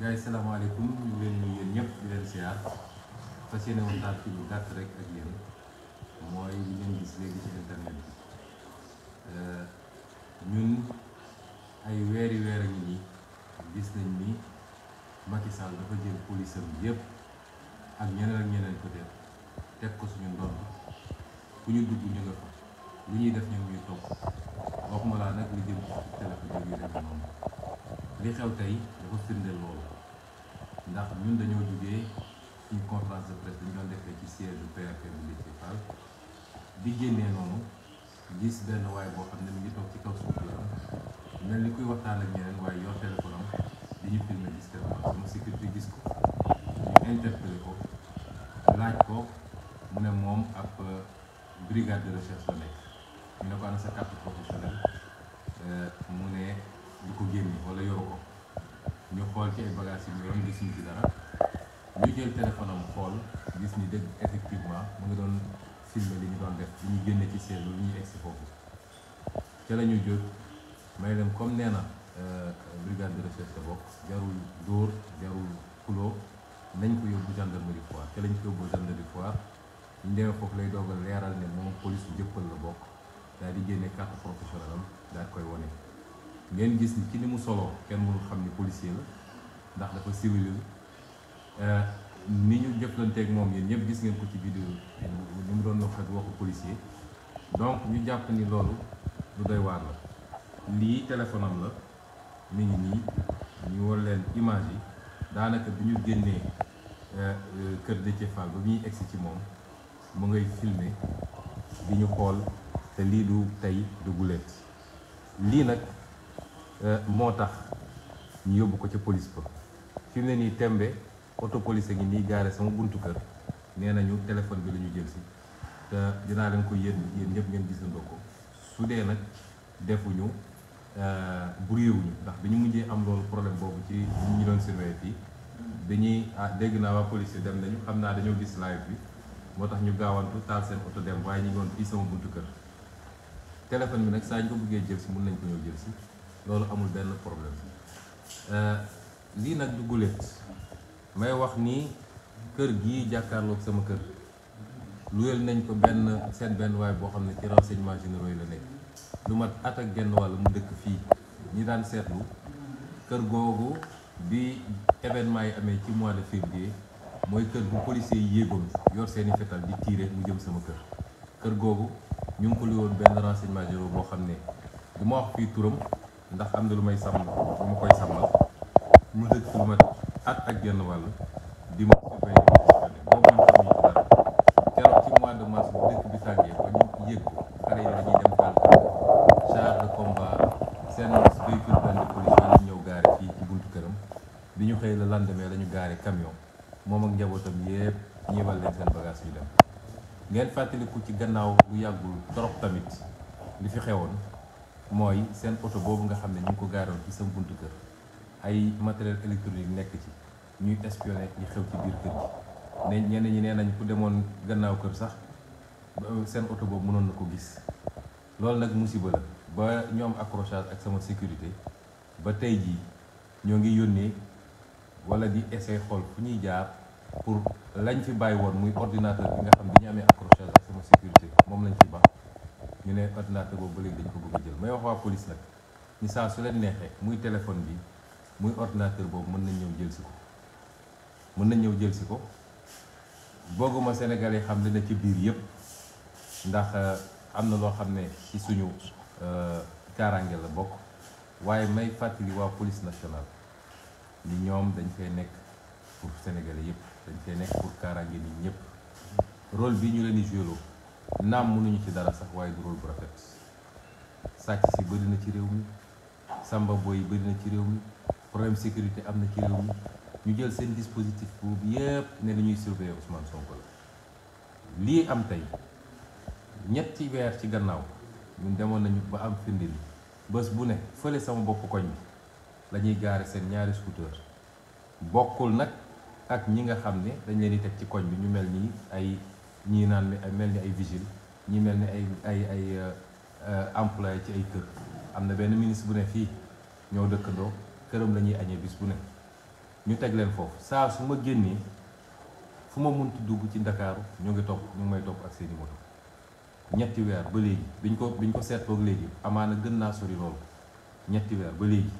gars yi salaamaaleykum ñu ngi leen nuyu yéen ñëpp leen siyaar fas yéene waxtaan ci lu gàtt rek ak yéen mooy li ngeen gis ci internet bi euh, weer gis nañ ni Macky Sall dafa jël police am ak ñeneen ak ñeneen ko def teg ko suñu ndodd ku ñu dugg ñu nga fa lu ñuy def ñu ngi ñuy waxuma laa nag li jëm ci téléphone yi ñu noonu. li xew tey dafa firndeel loolu ndax ñun dañoo jugee suñu conférence de presse dañu doon defee ci siège du PRP bu Déthié Fall bi génnee noonu gis benn waay boo xam ne mu ngi toog ci kaw suuf la mel ni kuy waxtaan ak yor téléphone am di ñu filmé discrètement gis ko ñu interpellé ko laaj ko mu ne moom ab euh, brigade de recherche la nekk ñu ne ko ana sa carte professionnelle euh, mu ne. di ko génne wala yoru ko ñu xool ci ay bagages yi ñu doon gis ñu ci dara ñu jël téléphone am xool gis ni dëgg effectivement mu ngi doon filmé li ñu doon def li ñu génne ci seen lu ñu egsi foofu ca lañu ñu jóg may leen comme nee na euh, brigade de recherche sa bokk jarul dóor jarul kuloo nañ ko yóbbu gendarmerie Foire ca lañ ko yóbbu gendarmerie Foire ñu demee foofu lay dogal leeral ne moom police njëppal la bokk daal di génne carte professionnelle am daal koy wane. ngeen gis ni ci ni mu soloo kenn mënul xam ni policier la ndax dafa civilisé euh, ni ñu jëflanteeg moom yéen ñëpp gis ngeen ko ci vidéo ni mu doon wax ak waxu policier donc ñu jàpp ni loolu lu doy waar la lii téléphone la mi ngi nii ñu war leen image yi daanaka bi ñu génnee euh, kër Déthié Fall ba ñuy egsi ci moom mu ngay filmer di ñu xool te lii du tey du guleet lii nag Euh, moo tax ñu yóbbu ko ca police ba fi mu ne nii tembe auto police ngi nii gaare sama buntu kër nee nañu téléphone bi la ñu jël si dinaa leen ko yéen yéen ñëpp ngeen gisandoo ko su dee nag defuñu euh, buriwuñu ndax bi ñu mujjee am loolu problème boobu ci ñi ñu doon surveiller fii dañuy ah, dégg naa waa police dem nañu xam naa dañoo gis live bi moo tax ñu gaawantu taal seen oto dem waaye ñu ngi woon fii sama buntu kër téléphone bi nag saa ñu ko bëggee jël si mun nañ ko ñëw jël si loolu amul benn problème euh, lii nag du guléet may wax ni kër gi jàkkaarloog sama kër luyel nañ ko benn seen benn waay boo xam ne ci renseignement généraux yi la nekk lu ma at ak genn wàll mu dëkk fii ñi daan seetlu kër googu bi événement yi amee ci mois de février mooy kër bu policier yi yéegoon yor seeni fetal di tiire mu jëm sama kër kër googu ñu ngi ko luyoon benn renseignement généraux boo xam ne du ma wax fii turam ndax am na lu may sàmm lu ma koy sàmmal mu dëkk lu ma at ak genn wàll di ma surveiller boobu man xamuñu ci dara keroog ci mois de mars bu dëkk bi sàngee ba ñu yëg ko xale yi dañuy dem taal char de combat seen véhicule blindé police yi ñëw gaare fii ci buntu këram bi ñu xëy la lendemain mais lañu gaare camion moom ak njabootam yépp ñëwal leen seen bagage yi dem ngeen fàttaliku ci gannaaw bu yàggul trop tamit li fi xewoon mooy seen oto boobu nga xam ne ñu ko gaaroon ci sa buntu kër ay matériel électronique nekk ci ñuy espionné ñi xew ci biir kër gi ne ñi nee nañ ku demoon gannaaw kër sax seen oto boobu mënoon na ko gis loolu nag musiba la ba ñoom accrochage ak sama sécurité ba tey jii ñoo ngi yónnee walla di essayé xool fu ñuy jaar pour lañ fi bàyyi woon muy ordinateur bi nga xam bi ñu amee accrochage ak sama sécurité moom lañ fi ba ñu ne ordinateur boobu ba léegi dañ ko bëgg jël may wax waa police nag ni su leen neexee muy téléphone bi muy ordinateur boobu mën nañ ñëw jël si ko mën nañ ñëw jël si ko booguma Sénégal yi xam li na ci biir yépp ndax euh, am na loo xam ne ci suñu euh, kaaraange la bokk waaye may fàttali waa police national ni ñoom dañ fay nekk pour Sénégalais yépp dañ fay nekk pour kaaraange nit ñépp rôle bi ñu leen di naam nañu ci dara sax waaye du bu rafet sàcc si bëri na ci réew mi samba boy yi bëri na ci réew mi problème sécurité am na ci réew mi ñu jël seen dispositif boobu yépp ne ñuy surveiller Ousmane Sonko la lii am tey ñetti weer ci gannaaw ñu demoon nañu ba am firndil bés bu ne fële sama bokk koñ bi la ñuy gaare seen ñaari scooter bokkul nag ak ñi nga xam ne dañ leen di teg ci koñ bi ñu mel nii ay ñii naan mel ni ay vigile ñii mel ni ay ay ay euh, euh, employé ci ay kër am na benn ministre bu ne fii ñoo dëkkandoo këram la ñuy añee bis bu ne ñu teg leen foofu saa su ma génnee fu ma munti dugg ci ndakaaru ñu ngi topp ñu ngi may topp ak seeni moto ñetti weer ba léegi biñ ko biñ ko seetloog léegi amaana gën naa sori loolu ñetti weer ba léegi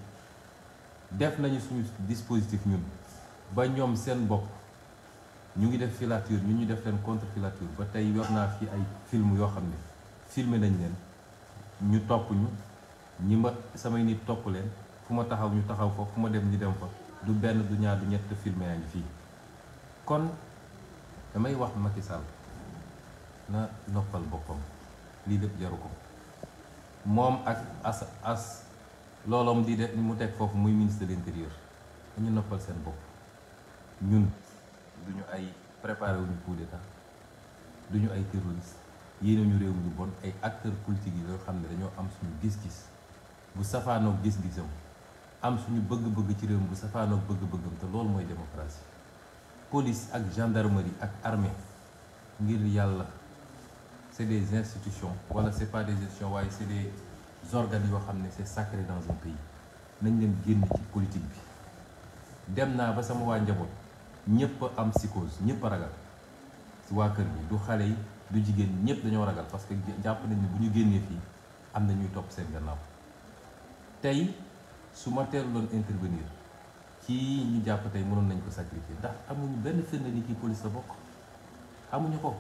def nañu suñu dispositif ñun ba ñoom seen bopp ñu ngi def filature ñu ñu def leen contre filature ba tey yor naa fi ay film yoo xam ne filme nañ leen ñu topp ñu ñi ma samay nit topp leen fu ma taxaw ñu taxaw fa fu ma dem ñu dem fa du benn du ñaar du ñett filmé nañ fii kon damay wax Macky Sall na noppal boppam lii lépp jaru ko moom ak as as looloom di de mu teg foofu muy ministre de l'intérieur dañu noppal seen bopp ñun du ñu ay préparé wuñu coup d'état du ñu ay terroriste yéene ñu réew mi lu bon ay acteurs politique yi loo xam ne dañoo am suñu gis-gis bu safaanoog gis-gisam am suñu bëgg-bëgg ci réew mi bu safaanoog bëgg-bëggam te loolu mooy démocratie police ak gendarmerie ak armée ngir yàlla c'est des institutions wala c'est pas des institutions waaye c'est des organes yoo xam ne c'est sacré dans un pays nañ leen génn ci politique bi dem naa ba sama waa njaboot ñëpp am psychose ñëpp a ragal si waa kër gi du xale yi du jigéen ñëpp dañoo ragal parce que jàpp nañ ne bu ñu génnee fii am na ñuy topp seen gannaaw tey su ma teeluloon intervenir ci ñu jàpp tey mënoon nañ ko sacrifier ndax amuñu benn firnde ni kii police la bokk amuñu ko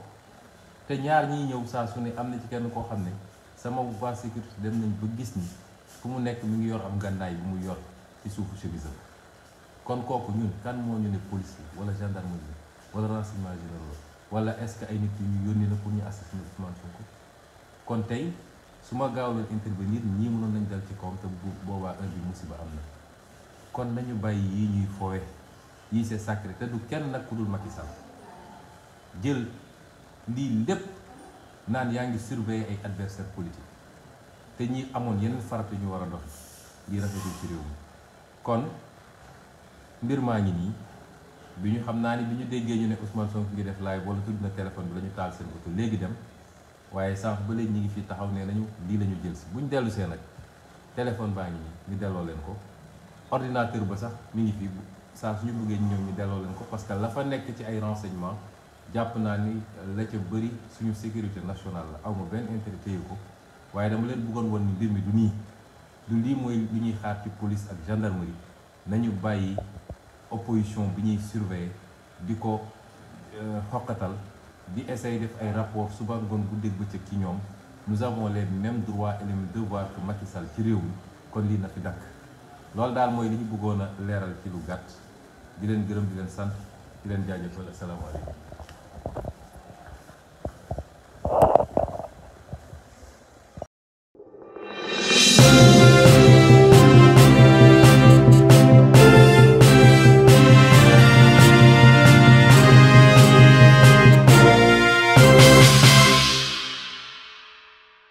te ñaar ñi ñëw saa su ne am na ci kenn koo xam ne sama waa sécurité dem nañ ba gis ni fu mu nekk mu ngi yor am gànnaay bi mu yor ci suufu chemise kon kooku ñun kan moo ñu ne policier wala gendarmerie wala renseignement général wala est-ce que ay nit yi ñu yónni la pour ñu assassiner Ousmane Sonko kon tey su ma gaaw leen intervenir ñii mënoon nañu dal ci kawam te bu boobaa heure bi musiba am na kon nañu bàyyi yii ñuy foowee yii c'est sacré te du kenn nag ku dul Macky Sall jël lii lépp naan yaa ngi surveiller ay adversaire politique te ñi amoon yeneen farat farata ñu war a dox lii rafetul ci réew mi mbir maa ngi nii bi ñu xam naa ni bi ñu déggee ñu ne Ousmane Sonko ngi def live wala tudd na téléphone bi la ñu taal seen oto léegi dem waaye sànq ba léegi ñu ngi fii taxaw nee nañu lii la jël si bu ñu dellu see nag téléphone baa ngi nii ñu delloo leen ko ordinateur ba sax mi ngi fi saa suñu bëggee ñu ñëw ñu delloo leen ko parce que la fa nekk ci ay renseignement jàpp naa ni la ca bëri suñu sécurité nationale la awma benn intérêt téye ko waaye dama leen bëggoon woon ni mbir mi nii du lii mooy lu ñuy xaar ci police ak gendarmerie nañu bàyyi opposition bi ñuy surveiller di ko euh, xoqatal di essayer def ay rapport suba ngoon guddeeg bëccëg ci ñoom nous avons les mêmes droits et les mêmes devoirs que Macky ci réew mi kon lii na fi dakk loolu daal mooy li ñu bëggoon a leeral ci lu gàtt di leen gërëm di leen sant di leen jaajëfal asalaamaaleykum